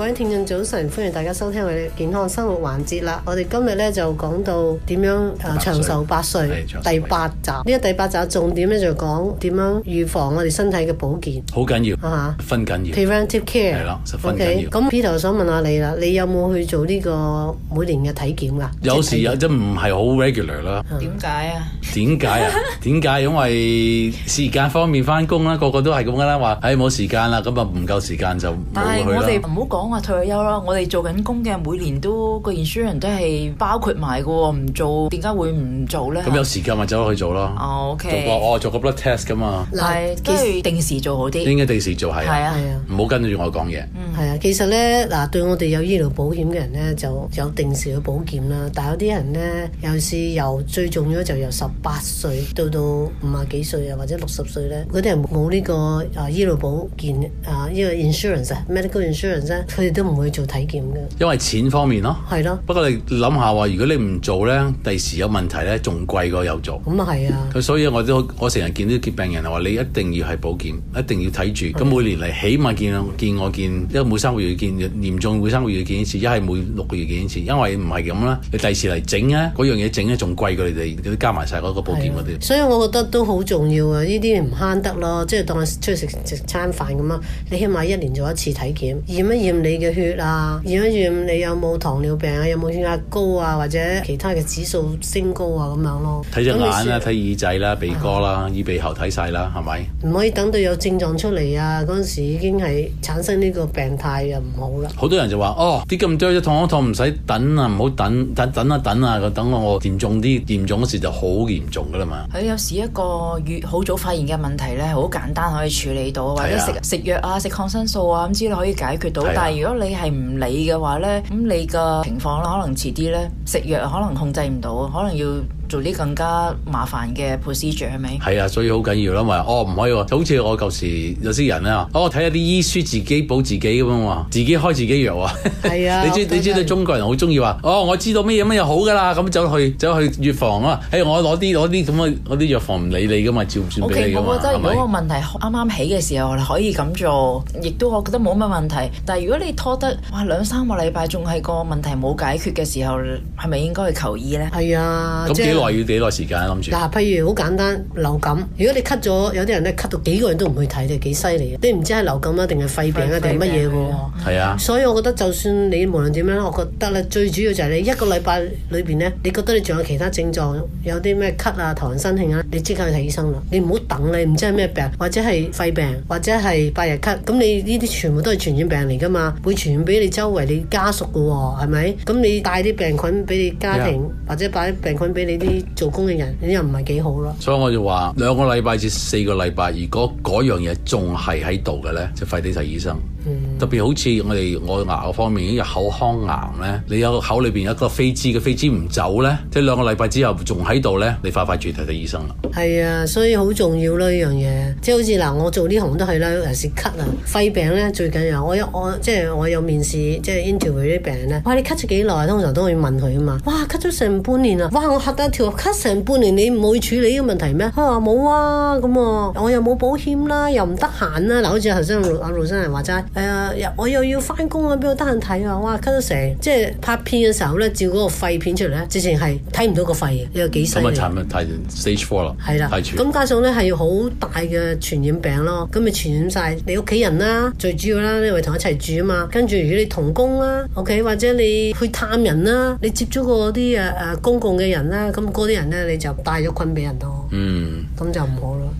各位聽眾早晨，歡迎大家收聽我哋健康生活環節啦。我哋今日咧就講到點樣誒長壽百歲第八集，呢個第八集重點咧就講點樣預防我哋身體嘅保健，好緊要吓，分緊要。Preventive care 係啦，十分緊要。OK，咁 Peter 想問下你啦，你有冇去做呢個每年嘅體檢噶？有時有，即係唔係好 regular 啦。點解啊？點解啊？點解？因為時間方面翻工啦，個個都係咁噶啦，話唉冇時間啦，咁啊唔夠時間就冇去啦。但係我哋唔好講。我退咗休咯，我哋做緊工嘅每年都個 Insurance 都係包括埋噶，唔做點解會唔做咧？咁有時間咪走落去做咯。O、oh, K，okay. 做,、哦、做個我做個 Blood Test 噶嘛。嗱，都要定時做好啲。應該定時做係。係啊。唔好、啊啊、跟住我講嘢。係、嗯、啊，其實咧嗱，對我哋有醫療保險嘅人咧，就有定時嘅保險啦。但係有啲人咧，又是由最重要就由十八歲到到五啊幾歲啊，或者六十歲咧，嗰啲人冇呢、這個啊醫療保險啊呢、這個 Insurance 啊 Medical Insurance 啊。佢哋都唔會做體檢嘅，因為錢方面咯、啊，係咯的。不過你諗下話，如果你唔做咧，第時有問題咧，仲貴過有做。咁啊係啊。佢所以我都我成日見啲結病人係話，你一定要係保健，一定要睇住。咁的每年嚟起碼見見我見，因為每三個月見，嚴重每三個月見一次，一係每六個月見一次。因為唔係咁啦，你第時嚟整啊，嗰樣嘢整咧仲貴過你哋嗰啲加埋晒嗰個保健嗰啲。所以我覺得都好重要啊！呢啲唔慳得咯，即係當係出去食食餐飯咁啊。你起碼一年做一次體檢，驗一驗你嘅血啊，驗一驗你有冇糖尿病啊？有冇血壓高啊？或者其他嘅指數升高啊？咁樣咯，睇隻眼啦、啊，睇耳仔啦、啊，鼻哥啦、啊啊啊，耳鼻喉睇晒啦，係咪、啊吧？唔可以等到有症狀出嚟啊！嗰陣時已經係產生呢個病態又唔好啦。好多人就話哦，啲咁多一痛一痛唔使等啊，唔好等，等等啊等啊，等我我嚴重啲，嚴重嗰時候就好嚴重噶啦嘛。喺、啊、有時一個越好早發現嘅問題咧，好簡單可以處理到，或者食食藥啊，食抗生素啊咁之類可以解決到，是啊如果你係唔理嘅話咧，咁你個情況咧，可能遲啲咧食藥可能控制唔到，可能要做啲更加麻煩嘅 procedure 係咪？係啊，所以好緊要啦咪，哦唔可以喎，就好似我舊時有啲人啊，哦睇下啲醫書自己補自己咁啊嘛，自己開自己藥啊，係啊，你知道你知，到中國人好中意話哦，我知道乜嘢乜嘢好㗎啦，咁走去走去藥房啊，誒我攞啲攞啲咁嘅啲藥房唔理你㗎嘛，照算俾你嘛。Okay, 係咪？我覺得如果個問題啱啱起嘅時候你可以咁做，亦都我覺得冇乜問題。但係如果你拖得哇兩三個禮拜仲係個問題冇解決嘅時候，係咪應該去求醫咧？係啊，那幾 即係話要幾耐時間諗、啊、住？嗱，譬如好簡單流感，如果你咳咗，有啲人咧咳，咳到幾個人都唔去睇咧，幾犀利啊！你唔知係流感啊，定係肺病啊，定乜嘢嘅喎？係啊！嗯、所以我覺得就算你無論點樣，我覺得啦，最主要就係你一個禮拜裏邊咧，你覺得你仲有其他症狀，有啲咩咳啊、頭暈、身慶啊，你即刻去睇醫生啦！你唔好等你，唔知係咩病，或者係肺病，或者係百日咳，咁你呢啲全部都係傳染病嚟噶嘛？會傳染俾你周圍你家屬嘅喎、啊，係咪？咁你帶啲病菌俾你家庭，Yeah. 或者帶啲病菌俾你啲。做工嘅人，你又唔係幾好咯，所以我就話兩個禮拜至四個禮拜，如果嗰樣嘢仲係喺度嘅咧，就快啲睇醫生。嗯特別好似我哋外牙嗰方面，有口腔癌咧，你有口裏邊有一個飛滋嘅飛滋唔走咧，即兩個禮拜之後仲喺度咧，你快快注睇睇醫生啦。係啊，所以好重要咯呢樣嘢，即係好似嗱，我做呢行都係啦，有時咳啊、肺病咧最緊要。我有我即係、就是、我有面試，即、就、係、是、interview 嗰啲病咧，哇！你咳咗幾耐？通常都會問佢啊嘛。哇！咳咗成半年啊！哇！我嚇得一條咳成半年，你唔會處理呢個問題咩？佢話冇啊，咁我又冇保險啦，又唔得閒啦。嗱，好似頭先阿盧生人話齋，誒、哎、啊！我又要翻工啊，邊度得閒睇啊？哇，咳到成，即係拍片嘅時候咧，照嗰個肺片出嚟咧，直情係睇唔到個肺，又幾細嘅。咁啊，產品睇 stage four 啦，係啦的，咁著加上咧係好大嘅傳染病咯，咁咪傳染晒你屋企人啦，最主要啦，你咪同一齊住啊嘛，跟住如果你同工啦，OK，或者你去探人啦，你接觸過個啲啊啊公共嘅人啦，咁嗰啲人咧你就帶咗菌俾人咯，嗯，咁就唔好啦。嗯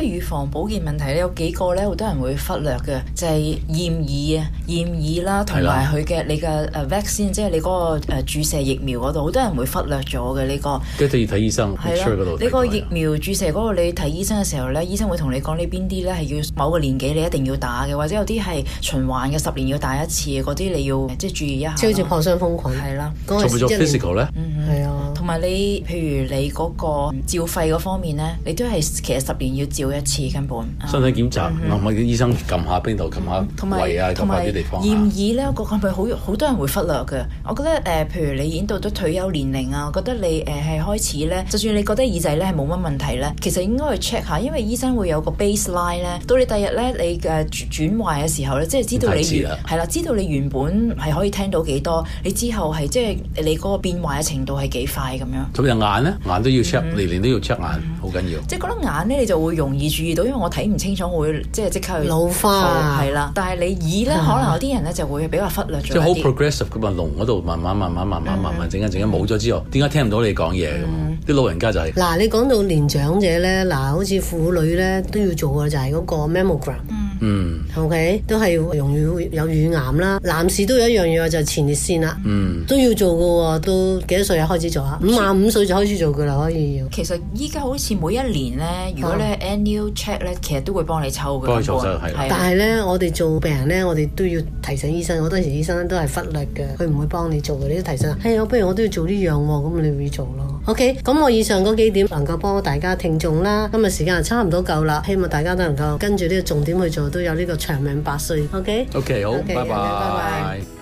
預防保健問題咧有幾個咧，好多人會忽略嘅，就係驗耳啊、驗耳啦，同埋佢嘅你嘅誒，vaccine 即係你嗰個誒注射疫苗嗰度，好多人會忽略咗嘅呢個。即係要睇醫生係咯，啊、你個疫苗注射嗰、那、度、個，你睇醫生嘅時候咧，醫生會同你講你邊啲咧係要某個年紀你一定要打嘅，或者有啲係循環嘅，十年要打一次嗰啲，你要即係注意一下。即好似破傷風菌係啦，仲做 physical 咧，係啊。同埋你，譬如你嗰個照肺嗰方面咧，你都係其實十年要照一次根本。身體檢查，問問醫生撳下邊度撳下胃啊，同埋啲地方、啊。驗耳咧，我覺得係好好多人會忽略嘅。我覺得誒、呃，譬如你已經到咗退休年齡啊，我覺得你誒係、呃、開始咧，就算你覺得耳仔咧係冇乜問題咧，其實應該去 check 下，因為醫生會有個 baseline 咧，到你第日咧你嘅轉壞嘅時候咧，即、就、係、是、知道你係啦，知道你原本係可以聽到幾多，你之後係即係你嗰個變壞嘅程度係幾快的。咁樣，咁隻眼咧，眼都要 check，年年都要 check 眼，好緊、嗯、要。即係覺得眼咧，你就會容易注意到，因為我睇唔清楚，我會即係即刻去老花係啦。但係你耳咧，嗯、可能有啲人咧就會比較忽略咗。即係好 progressive，佢咪聾嗰度慢慢慢慢慢慢慢慢整緊整緊冇咗之後，點解聽唔到你講嘢咁？啲、嗯、老人家就係、是、嗱，你講到年長者咧，嗱，好似婦女咧都要做嘅，就係嗰個 mammogram、嗯嗯，O K，都係容易會有乳癌啦。男士都有一樣嘢話就係、前列腺啦，嗯，mm. 都要做噶喎、哦。都幾多歲開始做啊？五十五歲就開始做噶啦，可以要。其實依家好似每一年咧，如果呢 annual、嗯、check 咧，其實都會幫你抽嘅，但係咧，我哋做病人咧，我哋都要提醒醫生。我當時醫生都係忽略嘅，佢唔會幫你做嘅。你都提醒，係啊，不如我都要做呢樣喎、哦，咁你會做咯。O K，咁我以上嗰幾點能夠幫大家聽眾啦，今日時間就差唔多夠啦，希望大家都能夠跟住呢個重點去做，都有呢個長命百歲。O K，O K，好，拜拜。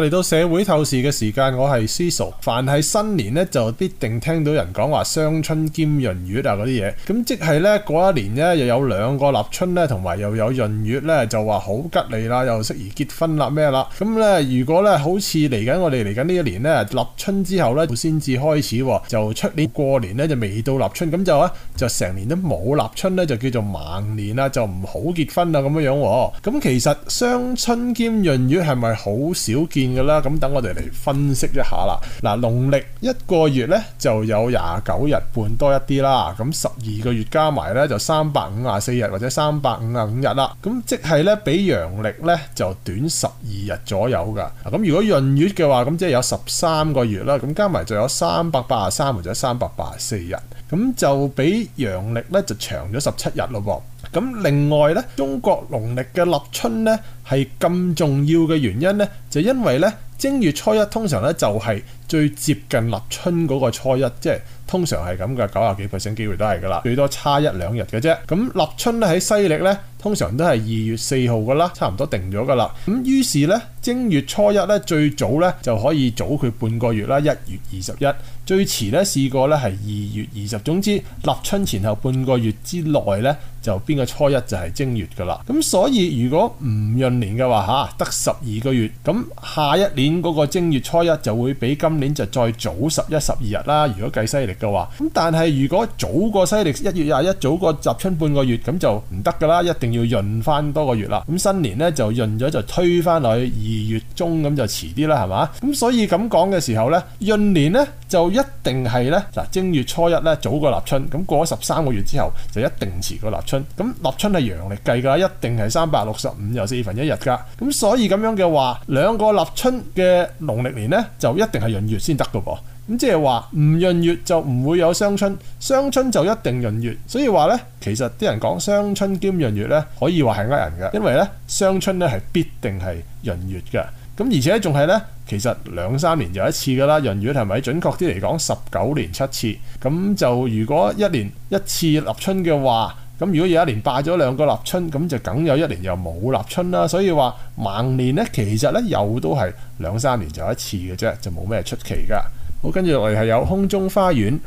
嚟到社會透視嘅時間，我係司徒。凡係新年咧，就必定聽到人講話雙春兼閏月啊嗰啲嘢。咁即係咧嗰一年咧又有兩個立春咧，同埋又有閏月咧，就話好吉利啦，又適宜結婚啦咩啦。咁咧如果咧好似嚟緊我哋嚟緊呢一年咧立春之後咧先至開始，就出年過年咧就未到立春，咁就啊就成年都冇立春咧，就叫做盲年啦，就唔好結婚啦咁樣樣。咁其實雙春兼閏月係咪好少見？嘅啦，咁等我哋嚟分析一下啦。嗱，農曆一個月咧就有廿九日半多一啲啦，咁十二個月加埋咧就三百五十四日或者三百五十五日啦。咁即係咧比陽曆咧就短十二日左右噶。咁如果閏月嘅話，咁即係有十三個月啦，咁加埋就有三百八十三或者三百八十四日，咁就比陽曆咧就長咗十七日咯噃。咁另外咧，中國農曆嘅立春咧係咁重要嘅原因咧，就因為咧正月初一通常咧就係最接近立春嗰個初一，即係通常係咁嘅，九廿幾 percent 機會都係噶啦，最多差一兩日嘅啫。咁立春咧喺西曆咧通常都係二月四號噶啦，差唔多定咗噶啦。咁於是咧正月初一咧最早咧就可以早佢半個月啦，一月二十一；最遲咧試過咧係二月二十。總之立春前後半個月之內咧。就邊個初一就係正月噶啦，咁所以如果唔閏年嘅話吓，得十二個月，咁下一年嗰個正月初一就會比今年就再早十一十二日啦。如果計西歷嘅話，咁但係如果早過西歷一月廿一，早過立春半個月，咁就唔得噶啦，一定要閏返多個月啦。咁新年呢，就閏咗就推返落去二月中咁就遲啲啦，係嘛？咁所以咁講嘅時候呢，閏年呢就一定係呢。嗱、啊、正月初一呢，早過立春，咁過咗十三個月之後就一定遲過立春。咁立春係陽曆計㗎，一定係三百六十五又四分一日㗎。咁所以咁樣嘅話，兩個立春嘅農曆年呢，就一定係閏月先得嘅噃。咁即係話唔閏月就唔會有雙春，雙春就一定閏月。所以話呢，其實啲人講雙春兼閏月呢，可以話係呃人㗎，因為呢，雙春呢係必定係閏月㗎。咁而且仲係呢，其實兩三年有一次㗎啦，閏月係咪準確啲嚟講十九年七次？咁就如果一年一次立春嘅話，咁如果有一年拜咗兩個立春，咁就梗有一年又冇立春啦。所以話，盲年呢，其實呢又都係兩三年就一次嘅啫，就冇咩出奇㗎。好，跟住落嚟係有空中花園。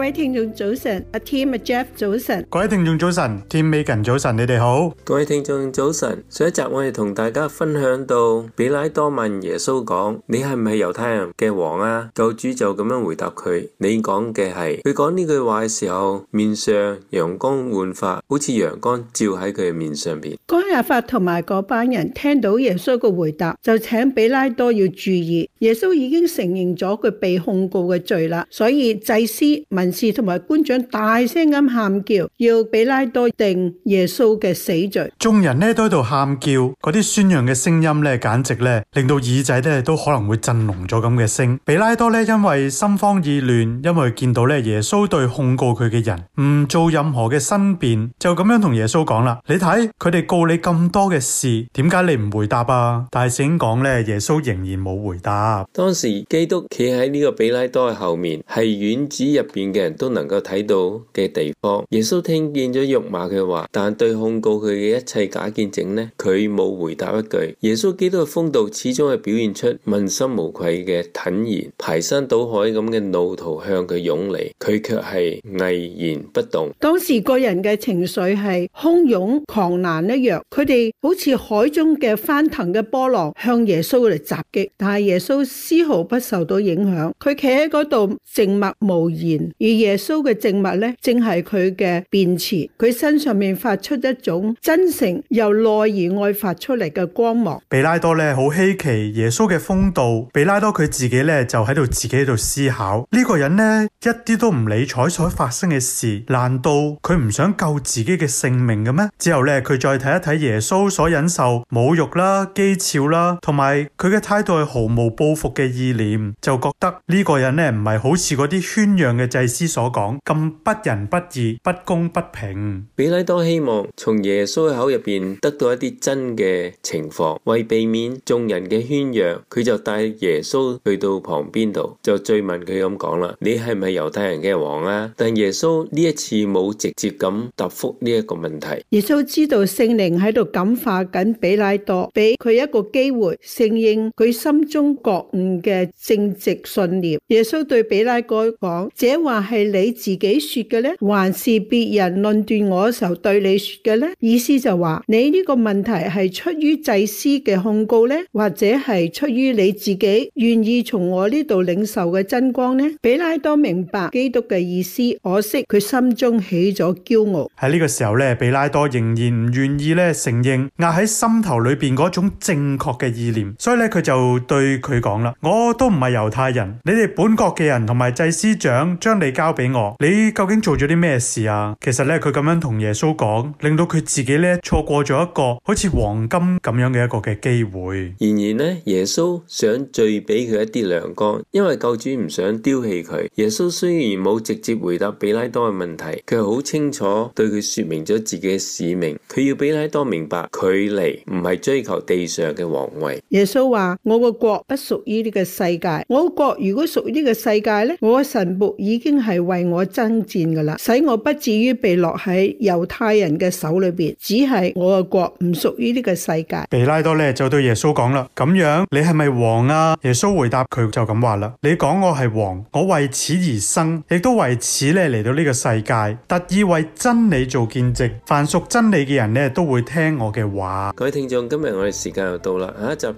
各位聽眾早晨，阿 Tim 阿 Jeff 早晨，各位聽眾早晨，Tim Megan 早晨，你哋好，各位聽眾早晨。上一集我哋同大家分享到，比拉多問耶穌講，你係唔係猶太人嘅王啊？教主就咁樣回答佢，你講嘅係。佢講呢句話嘅時候，面上陽光煥發，好似陽光照喺佢嘅面上邊。該亞法同埋嗰班人聽到耶穌嘅回答，就請比拉多要注意，耶穌已經承認咗佢被控告嘅罪啦，所以祭司問，同埋官長大聲咁喊叫，要比拉多定耶穌嘅死罪。眾人咧都喺度喊叫，嗰啲宣揚嘅聲音咧，簡直咧令到耳仔咧都可能會震聾咗咁嘅聲。比拉多咧因為心慌意亂，因為見到咧耶穌對控告佢嘅人唔做任何嘅申辯，就咁樣同耶穌講啦：你睇，佢哋告你咁多嘅事，點解你唔回答啊？大聲講咧，耶穌仍然冇回答。當時基督企喺呢個比拉多嘅後面，係院子入邊嘅。人都能夠睇到嘅地方，耶穌聽見咗辱罵嘅話，但對控告佢嘅一切假見證呢，佢冇回答一句。耶穌基督嘅風度始終係表現出問心無愧嘅坦然，排山倒海咁嘅怒濤向佢湧嚟，佢卻係毅然不動。當時個人嘅情緒係洶湧狂瀾一樣，佢哋好似海中嘅翻騰嘅波浪向耶穌嚟襲擊，但係耶穌絲毫不受到影響，佢企喺嗰度靜默無言。而耶穌嘅靜默咧，正係佢嘅辯詞。佢身上面發出一種真誠由內而外發出嚟嘅光芒。比拉多咧，好稀奇耶穌嘅風度。比拉多佢自己咧，就喺度自己喺度思考呢、這個人呢，一啲都唔理睬所發生嘅事。難道佢唔想救自己嘅性命嘅咩？之後咧，佢再睇一睇耶穌所忍受侮辱啦、譏誚啦，同埋佢嘅態度係毫無報復嘅意念，就覺得呢個人咧唔係好似嗰啲圈養嘅祭司。之所講咁不仁不義不公不平，比拉多希望從耶穌口入邊得到一啲真嘅情況，為避免眾人嘅宣揚，佢就帶耶穌去到旁邊度，就追問佢咁講啦：你係唔係猶太人嘅王啊？但耶穌呢一次冇直接咁答覆呢一個問題。耶穌知道聖靈喺度感化緊比拉多，俾佢一個機會承認佢心中覺悟嘅正直信念。耶穌對比拉多講：這話。係你自己說嘅呢？還是別人論斷我嘅時候對你說嘅呢？意思就話你呢個問題係出於祭司嘅控告呢，或者係出於你自己願意從我呢度領受嘅真光呢？比拉多明白基督嘅意思，可惜佢心中起咗驕傲。喺呢個時候咧，比拉多仍然唔願意咧承認壓喺心頭裏邊嗰種正確嘅意念，所以咧佢就對佢講啦：我都唔係猶太人，你哋本國嘅人同埋祭司長將你交俾我，你究竟做咗啲咩事啊？其實咧，佢咁樣同耶穌講，令到佢自己咧錯過咗一個好似黃金咁樣嘅一個嘅機會。然而呢，耶穌想再俾佢一啲亮光，因為救主唔想丟棄佢。耶穌雖然冇直接回答比拉多嘅問題，佢好清楚對佢說明咗自己嘅使命。佢要比拉多明白，佢嚟唔係追求地上嘅皇位。耶穌話：我個國不屬於呢個世界。我個國如果屬於呢個世界咧，我嘅臣僕已經係為我爭戰噶啦，使我不至於被落喺猶太人嘅手裏邊。只係我嘅國唔屬於呢個世界。彼拉多咧就對耶穌講啦：咁樣你係咪王啊？耶穌回答佢就咁話啦：你講我係王，我為此而生，亦都為此咧嚟到呢個世界，特意為真理做見證。凡屬真理嘅人咧都會聽我嘅話。各位聽眾，今日我哋時間又到啦，下一集。